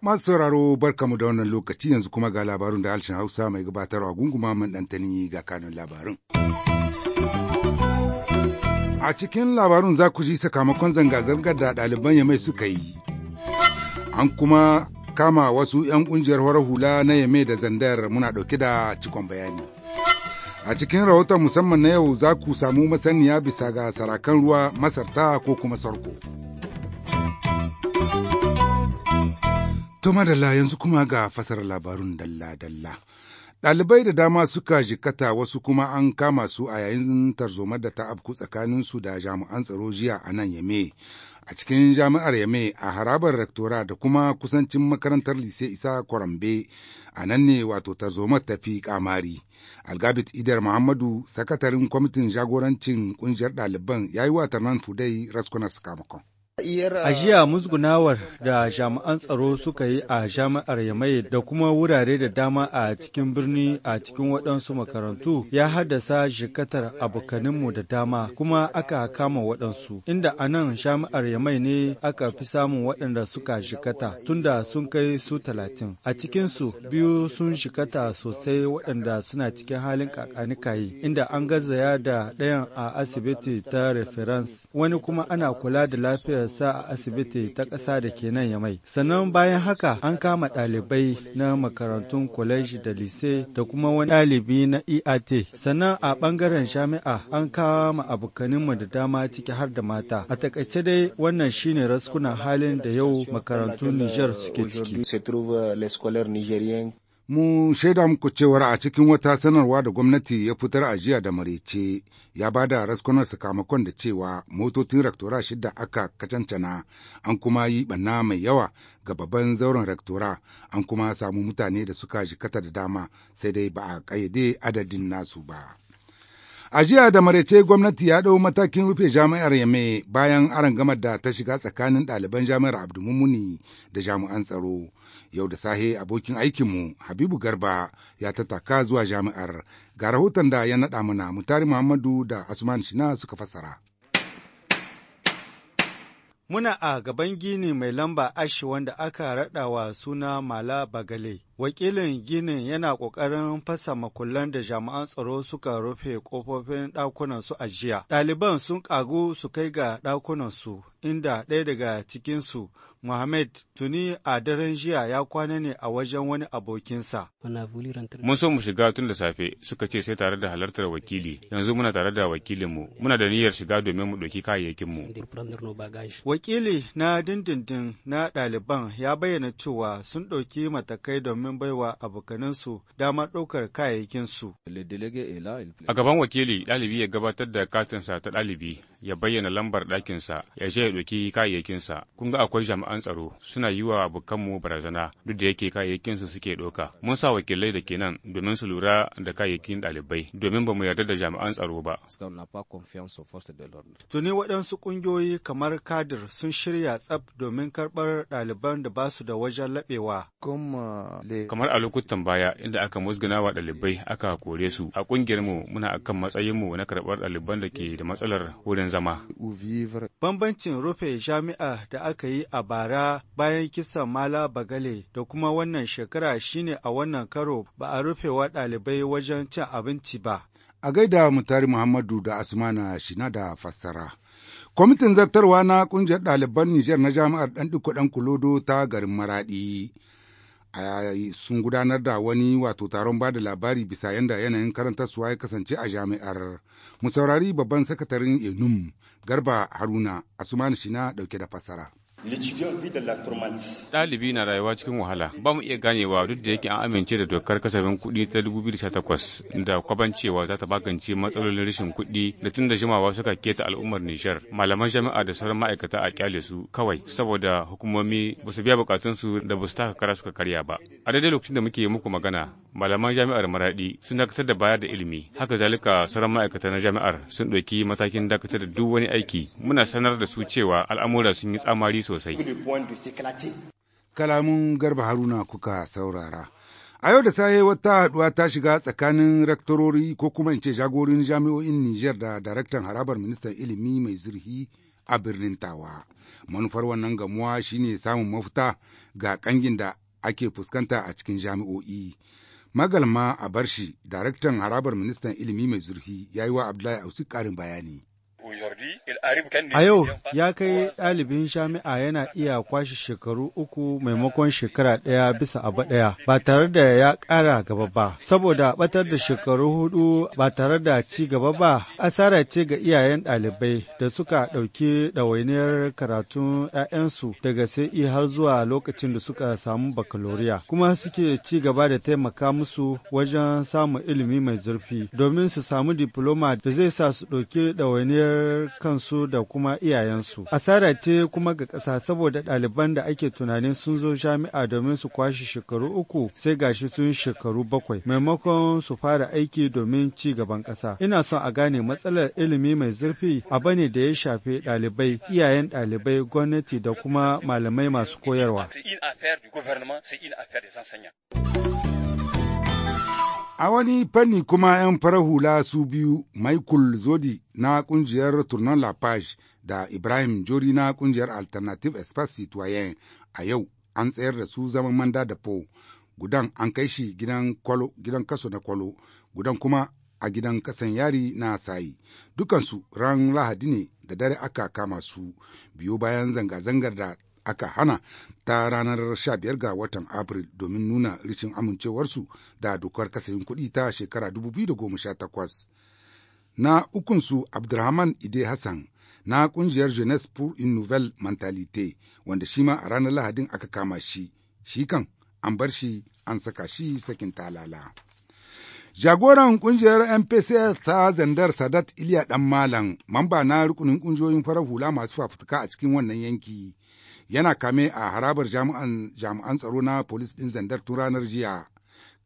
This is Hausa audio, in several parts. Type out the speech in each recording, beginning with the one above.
masu sauraro barkamu da wannan lokaci yanzu kuma ga labarun da harshen hausa mai gabatarwa gunguma mun ɗantani ga kanun labarun. A cikin labarun za ku ji sakamakon zanga-zangar da ɗaliban ya mai suka yi, an kuma kama wasu 'yan ƙungiyar farar hula na yame da zandar muna ɗauke da cikon bayani. A cikin rahoton musamman na yau za ku samu masaniya bisa ga sarakan ruwa masarta ko kuma sarko. To madalla yanzu kuma ga fasar labarun dalla-dalla. Ɗalibai da dama suka jikata wasu kuma an kama su a yayin tarzomar da ta afku tsakaninsu da jami'an tsaro jiya a nan Yame. a cikin jami'ar Yame a harabar rektora da kuma kusancin makarantar lise isa kwarambe a nan ne wato tarzomar tafi kamari. Algabit Idar Muhammadu, sakatarin kwamitin jagorancin ƙungiyar ɗaliban ya yi watar nan Fudai raskunar sakamakon. A musgunawar da jami'an tsaro suka yi a jami'ar Yamai da kuma wurare da dama a cikin birni a cikin waɗansu makarantu ya haddasa jikatar abokaninmu da dama kuma aka kama waɗansu. Inda anan jami'ar Yamai ne aka fi samun waɗanda suka jikata tunda sun kai su talatin. A cikinsu biyu sun jikata sosai waɗanda suna cikin halin kakanikayi inda an garzaya da ɗayan a asibiti ta reference wani kuma ana kula da lafiyar sa a asibiti ta ƙasa da ke nan Yamai. Sannan bayan haka an kama ɗalibai na makarantun college da lise da kuma wani ɗalibi na EAT. Sannan a ɓangaren jami'a an kama abokaninmu da dama ciki har da mata. A takaice dai wannan shine raskunan halin da yau makarantun Nijar suke ciki. Mu shaida muku cewar a cikin wata sanarwa da gwamnati ya fitar a jiya da marece ya ba da raskunar sakamakon da cewa motocin rektora shida aka kacancana an kuma yi banna mai yawa ga babban zauren rektora an kuma samu mutane da suka jikata da dama sai dai ba a ƙayyade adadin nasu ba. A jiya da maraice gwamnati ya ɗau matakin rufe jami'ar Yame bayan gamar da ta shiga tsakanin ɗaliban jami'ar Abdulmumuni da jami'an tsaro. Yau da sahe abokin aikinmu Habibu Garba ya tattaka zuwa jami'ar ga rahoton da ya naɗa mana Mutari Muhammadu da Asman Shina suka fassara. Muna a gaban gini mai lamba ashi wanda aka raɗa wa suna Mala Bagale. Wakilin ginin yana ƙoƙarin fasa makullan da jami'an tsaro suka rufe ƙofofin ɗakunansu a jiya. Ɗaliban sun ƙagu su kai ga ɗakunansu, inda ɗaya daga cikinsu, Muhammad tuni a daren jiya ya kwana ne a wajen wani abokinsa. Mun so mu shiga tun da safe, suka ce sai tare da halartar wakili. Yanzu muna tare da wakilinmu, muna da niyyar shiga domin mu ɗauki kayayyakinmu. Wakili na dindindin na ɗaliban ya bayyana cewa sun ɗauki matakai domin domin baiwa abokanansu damar ɗaukar kayayyakinsu. A gaban wakili ɗalibi ya gabatar da katinsa ta ɗalibi ya bayyana lambar ɗakinsa ya je ya ɗauki kayayyakinsa. Kun ga akwai jami'an tsaro suna yi wa abokanmu barazana duk da yake kayayyakinsu suke ɗauka. Mun sa wakilai da ke nan domin su lura da kayayyakin ɗalibai domin ba mu yarda da jami'an tsaro ba. Tuni waɗansu ƙungiyoyi kamar Kadir sun shirya tsaf domin karɓar ɗaliban da ba su da wajen laɓewa. Euh, kamar a lokutan baya inda aka musguna wa ɗalibai aka kore su a mu muna akan matsayin mu na karɓar ɗaliban da ke da matsalar wurin zama bambancin rufe jami'a da aka yi a bara bayan kisan mala bagale da kuma wannan shekara shine a wannan karo ba a rufe wa ɗalibai wajen cin abinci ba a gaida mutari muhammadu da asmana shina da fassara kwamitin zartarwa na ƙungiyar ɗaliban nijar na jami'ar ɗan ɗan kulodo ta garin maraɗi sun gudanar da wani wato taron ba da labari bisa yadda yanayin karantarsuwa ya kasance a jami'ar. Mu saurari babban sakatarin Enum Garba Haruna Asumani Shina dauke da fassara. Ɗalibi na rayuwa cikin wahala, ba mu iya ganewa duk da yake an amince da dokar kasafin kuɗi ta 2018 da kwabancewa za ta magance matsalolin rashin kuɗi da tun da jimawa suka keta al'ummar Nijar. Malaman jami'a da sauran ma'aikata a kyale su kawai saboda hukumomi ba su biya bukatunsu da ba su taka kara suka karya ba. A daidai lokacin da muke muku magana, malaman jami'ar maraɗi sun dakatar da bayar da ilimi, haka zalika sauran ma'aikata na jami'ar sun ɗauki matakin dakatar da duk wani aiki. Muna sanar da su cewa al'amura sun yi tsamari sosai. Kalamun Garba Haruna kuka saurara. A yau da saye wata haɗuwa ta shiga tsakanin rektorori ko kuma in ce jagorin jami'o'in Nijar da daraktan harabar ministan ilimi mai zurfi a birnin Tawa. Manufar wannan gamuwa shine samun mafita ga kangin da ake fuskanta a cikin jami'o'i. Magalma a barshi, daraktan harabar ministan ilimi mai zurfi ya yi wa Abdullahi Ausu karin bayani. A yau ya kai ɗalibin shami'a yana iya kwashe shekaru uku maimakon shekara ɗaya bisa abu ɗaya ba tare da ya ƙara gaba ba, saboda batar da shekaru hudu ba tare da ci gaba ba asara ce ga iyayen ɗalibai da suka ɗauki ɗawainiyar karatun 'ya'yansu daga sai e har zuwa lokacin da suka samu bakaloriya kuma suke ci gaba da taimaka musu wajen samun ilimi mai zurfi domin su samu diploma da zai sa su ɗauki ɗawainiyar kansu da kuma iyayensu. Asara ce kuma ga ƙasa saboda ɗaliban da ake tunanin sun zo jami'a domin su kwashe shekaru uku sai gashi sun shekaru bakwai maimakon su fara aiki domin ci gaban ƙasa. Ina son a gane matsalar ilimi mai zurfi a bane da ya shafi ɗalibai, iyayen ɗalibai, gwamnati da kuma malamai masu koyarwa. A wani fanni kuma 'yan farar hula su biyu, Michael Zodi na kungiyar Tournon La Page da Ibrahim Jori na kungiyar Alternative Express Citoyen a yau an tsayar da su zaman manda da po. Gudan an kai shi gidan kaso na kwalo, gudan kuma a gidan kasan yari na sayi. Dukansu ran Lahadi ne da dare aka kama su, biyu bayan zanga-zangar da aka hana ta ranar sha biyar ga watan Afril domin nuna rishin amincewarsu da dokar kasayin kuɗi ta shekara 2018. Na ukunsu Abdurrahman Ide Hassan na ƙungiyar Jeunesse pour une nouvelle mentalité wanda shi ma a ranar Lahadin aka kama shi, shi kan an bar shi an saka shi sakin talala. Jagoran kungiyar mpc ta zandar Sadat Iliya Dan Malam, mamba na rukunin kungiyoyin farar hula masu fafutuka a cikin wannan yanki, yana kame a harabar jami'an tsaro na polis ɗin zandar tun ranar jiya.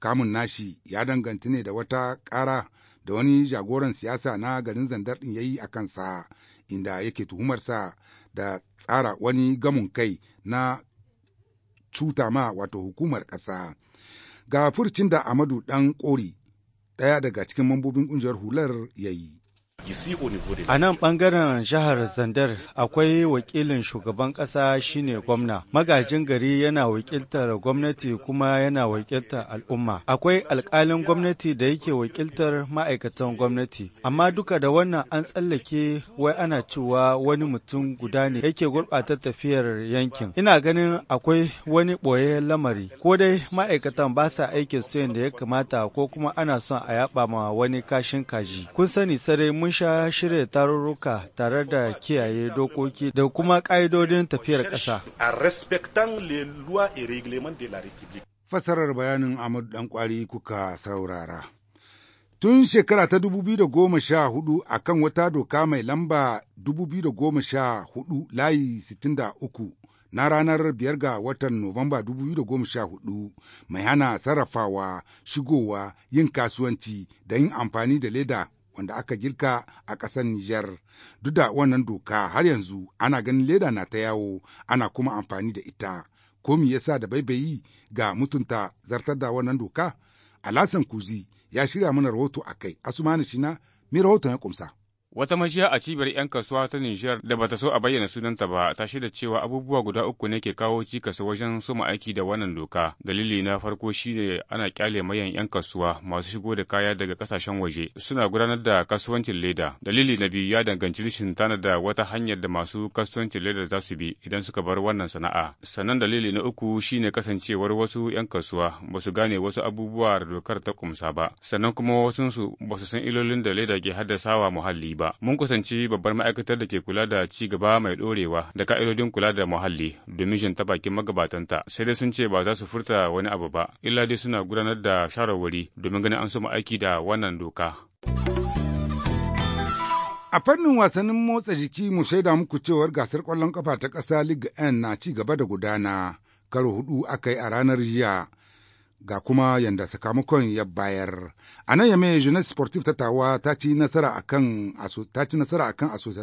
Kamun nashi ya danganci ne da wata ƙara da wani jagoran siyasa na garin zandar ɗin ya yi a kansa, inda yake tuhumarsa da tsara wani gamun kai na cuta ma wato hukumar ƙasa. Ga furcin da Amadu ɗan ƙori ɗaya daga cikin mambobin ƙungiyar hular ya yi. A nan ɓangaren jihar Zandar akwai wakilin shugaban ƙasa shine gwamna. Magajin gari yana wakiltar gwamnati kuma yana wakiltar al'umma. Akwai alƙalin gwamnati da yake wakiltar ma'aikatan gwamnati. Amma duka da wannan an tsallake wai ana cewa wani mutum guda ne yake gurɓata tafiyar yankin. Ina ganin akwai wani ɓoye lamari. Ko dai ma'aikatan ba sa aikin su yadda ya kamata ko kuma ana son a yaɓa ma wani kashin kaji. Kun sani sarai mun sha shirya tarurruka tare da kiyaye dokoki da kuma ƙa'idodin tafiyar ƙasa. Fasarar bayanin dan kwari kuka saurara. Tun shekara ta 2014 a kan wata doka mai lamba 2014 layi 63 na ranar biyar ga watan Nuwamba 2014 mai hana sarrafawa, shigowa, yin kasuwanci da yin amfani da leda wanda aka girka a ƙasar Nijar. Duk da wannan doka har yanzu ana ganin leda na ta yawo ana kuma amfani da ita. Ko me yasa da baibayi ga mutunta zartar da wannan doka? Alasan Kuzi ya shirya mana rahoto a kai, Asumani Shina, mai rahoton ya kumsa? Wata majiya a cibiyar 'yan kasuwa ta Nijar da bata so a bayyana sunanta ba ta shaida cewa abubuwa guda uku ne ke kawo cikas wajen suma aiki da wannan doka. Dalili na farko shine ana kyale mayan 'yan kasuwa masu shigo da kaya daga kasashen waje suna gudanar da kasuwancin leda. Dalili na biyu ya danganci rashin tanada wata hanyar da masu kasuwancin leda za su bi idan suka bar wannan sana'a. Sannan dalili na uku shine kasancewar wasu 'yan kasuwa ba su gane wasu abubuwa da dokar ta kumsa ba. Sannan kuma wasunsu ba su san ilolin da leda ke haddasawa muhalli ba. ba. Mun kusanci babbar ma'aikatar da ke kula da ci gaba mai ɗorewa da ka'idodin kula da muhalli domin ta bakin magabatanta sai dai sun ce ba za su furta wani abu ba, illa dai suna gudanar da shawarwari domin ganin an samu aiki da wannan doka. A fannin wasannin motsa jiki mu shaida muku cewar gasar kwallon kafa ta ƙasa Liga N na ci gaba da gudana. Karo hudu akai a ranar jiya. ga kuma yanda sakamakon ya bayar. A nan mai Jeunesse Sportive ta tawa ta ci nasara a kan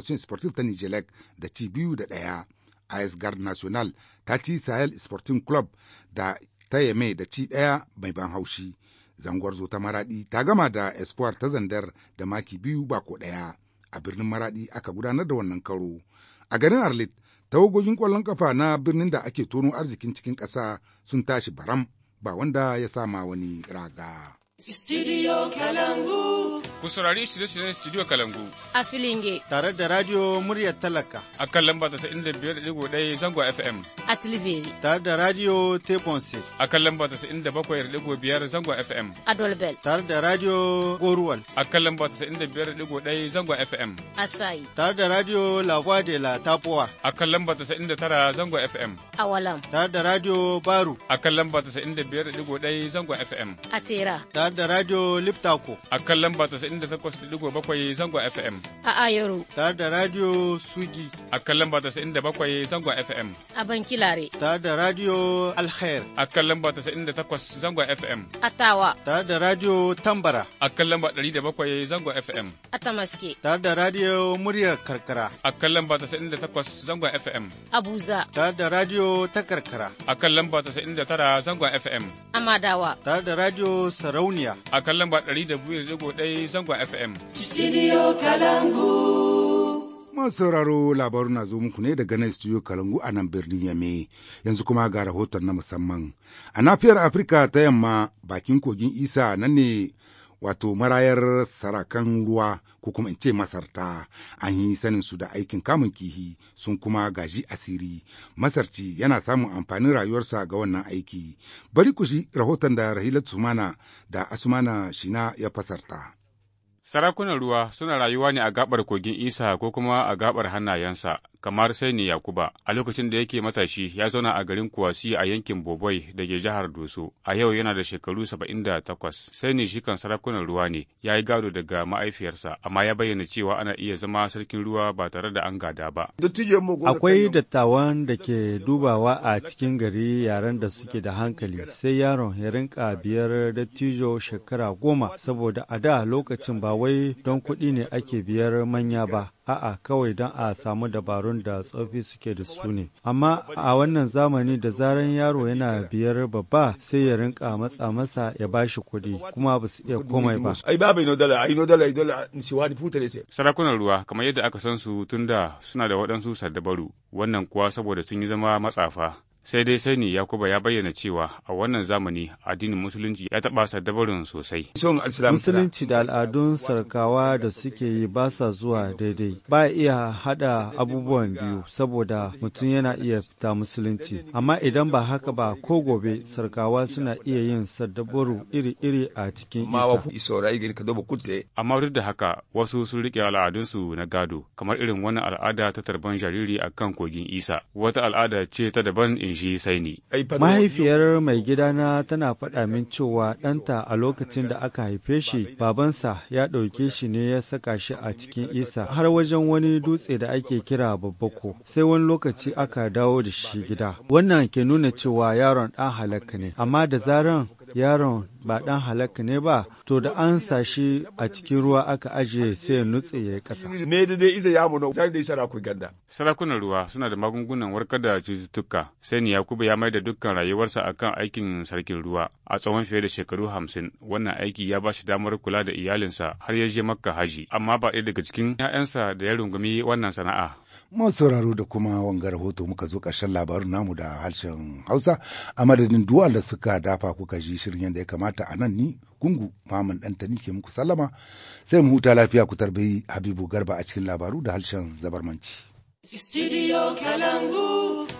ci ta Nijelek da ci biyu da ɗaya. AS Guard National ta ci Sahel Sporting Club da ta yame da ci daya mai ban haushi. zo ta Maraɗi ta gama da Espoir ta Zandar da maki biyu ba ko ɗaya. A birnin Maraɗi aka gudanar da wannan karo. A garin Arlit, tawagogin ƙwallon kafa na birnin da ake tono arzikin cikin ƙasa sun tashi baram. ba wanda ya sama wani raga. Studio Kalangu. Ku saurari shirye-shiryen Studio Kalangu. A Filinge. Tare da Radio Muryar Talaka. A kan lamba 95.1 Zango FM. a Tilibiri. Tare da Radio Teponse. A kan lamba biyar zangon FM. A Dolbel. Tare da Radio Goruwal. A kan lamba biyar 95.1 zangon FM. A Sai. Tare da Radio Lagwa de la Tapuwa. A kan lamba tara zangon FM. A Walam. Tare da Radio Baru. A kan lamba biyar 95.1 zangon FM. A Tera. Tare da Radio Liptako. A kan lamba bakwai zangon FM. A Ayoro. Tare da Radio Sugi. A kan lamba bakwai zangon FM. A Bankila. Halare. Ta da Radio Alkhair. A kan lamba takwas zangon FM. A Tawa. Ta da Radio Tambara. A kan lamba bakwai zangon FM. A Tamaske. Ta da Radio Muryar Karkara. A kan lamba takwas zangon FM. Abuja. Ta da Radio ta Karkara. A kan lamba tara zangon FM. A Madawa. Ta da Radio Sarauniya. A kan lamba 102.1 zangon FM. Studio Kalangu. Masu sauraro labaru na zo muku ne daga nan studio Kalangu a nan birnin Yame, yanzu kuma ga rahoton na musamman. A nafiyar Afirka ta yamma bakin kogin Isa nan ne wato marayar sarakan ruwa ko kuma in ce masarta an yi sanin su da aikin kamun kihi sun kuma gaji asiri masarci yana samun amfanin rayuwarsa ga wannan aiki bari ku shi rahoton da rahilatu sumana da asumana shina ya fasarta. Sarakunan ruwa suna rayuwa ne a gaɓar kogin Isa ko kuma a gaɓar hannayensa, kamar Saini Yakuba a lokacin da yake matashi ya zauna a garin Kuwasi a yankin Boboi da ke jihar Doso. A yau yana da shekaru saba'in da takwas. Saini shi kan sarakunan ruwa ne, ya yi gado daga ma'aifiyarsa, amma ya bayyana cewa ana iya zama sarkin ruwa ba tare da an gada ba. Akwai dattawan da ke dubawa a cikin gari yaren da suke da hankali, sai yaron ya rinka biyar dattijo shekara goma, saboda a da lokacin ba wai don kuɗi ne ake biyar manya ba, a'a kawai don a samu dabarun yaron da tsofi suke da su ne amma a wannan zamani da zaran yaro yana biyar babba sai ya rinka matsa masa ya bashi kuɗi kuma ba su iya komai ba sarakunan ruwa kamar yadda aka san su tunda suna da waɗansu sardabaru wannan kuwa saboda sun yi zama matsafa sai dai sani yakuba ya bayyana cewa a wannan zamani addinin musulunci ya taɓa sadabarin sosai musulunci da al'adun sarkawa da suke yi ba sa zuwa daidai ba iya haɗa abubuwan biyu saboda mutum yana iya fita musulunci amma idan ba haka ba ko gobe sarkawa suna iya yin sadabaru iri-iri a cikin isa amma duk da haka wasu sun riƙe al'adunsu na gado kamar irin wani al'ada ta tarban jariri akan kogin isa wata al'ada ce ta daban in shi sai ni. Mahaifiyar mai gidana tana faɗa min cewa ɗanta a lokacin da aka haife shi babansa ya ɗauke shi ne ya saka shi a cikin isa har wajen wani dutse da ake kira babbako sai wani lokaci aka dawo da shi gida. Wannan ke nuna cewa yaron ɗan halakka ne amma da zaran yaron ba dan halakka ne ba, to da an sa shi a cikin ruwa aka ajiye sai ya nutse ya yi ƙasa. Sarakunan ruwa suna da magungunan warkar da cututtuka, sai ni Yakubu ya mai da dukkan rayuwarsa akan aikin sarkin ruwa. A tsawon fiye da shekaru hamsin, wannan aiki ya ba shi damar kula da iyalinsa har ya je makka haji, amma ba ɗaya daga cikin 'ya'yansa da ya rungumi wannan sana'a. mun sauraro da kuma wanga rahoto muka zo ƙarshen labarin namu da harshen hausa a madadin duwa da suka dafa kuka ji shirin yadda ya kamata a nan ni gungu maman ɗantani ke muku sallama sai mu huta lafiya ku tarbi habibu garba a cikin labaru da harshen zabarmanci. Studio Kalangu.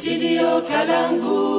Studio Kalangu.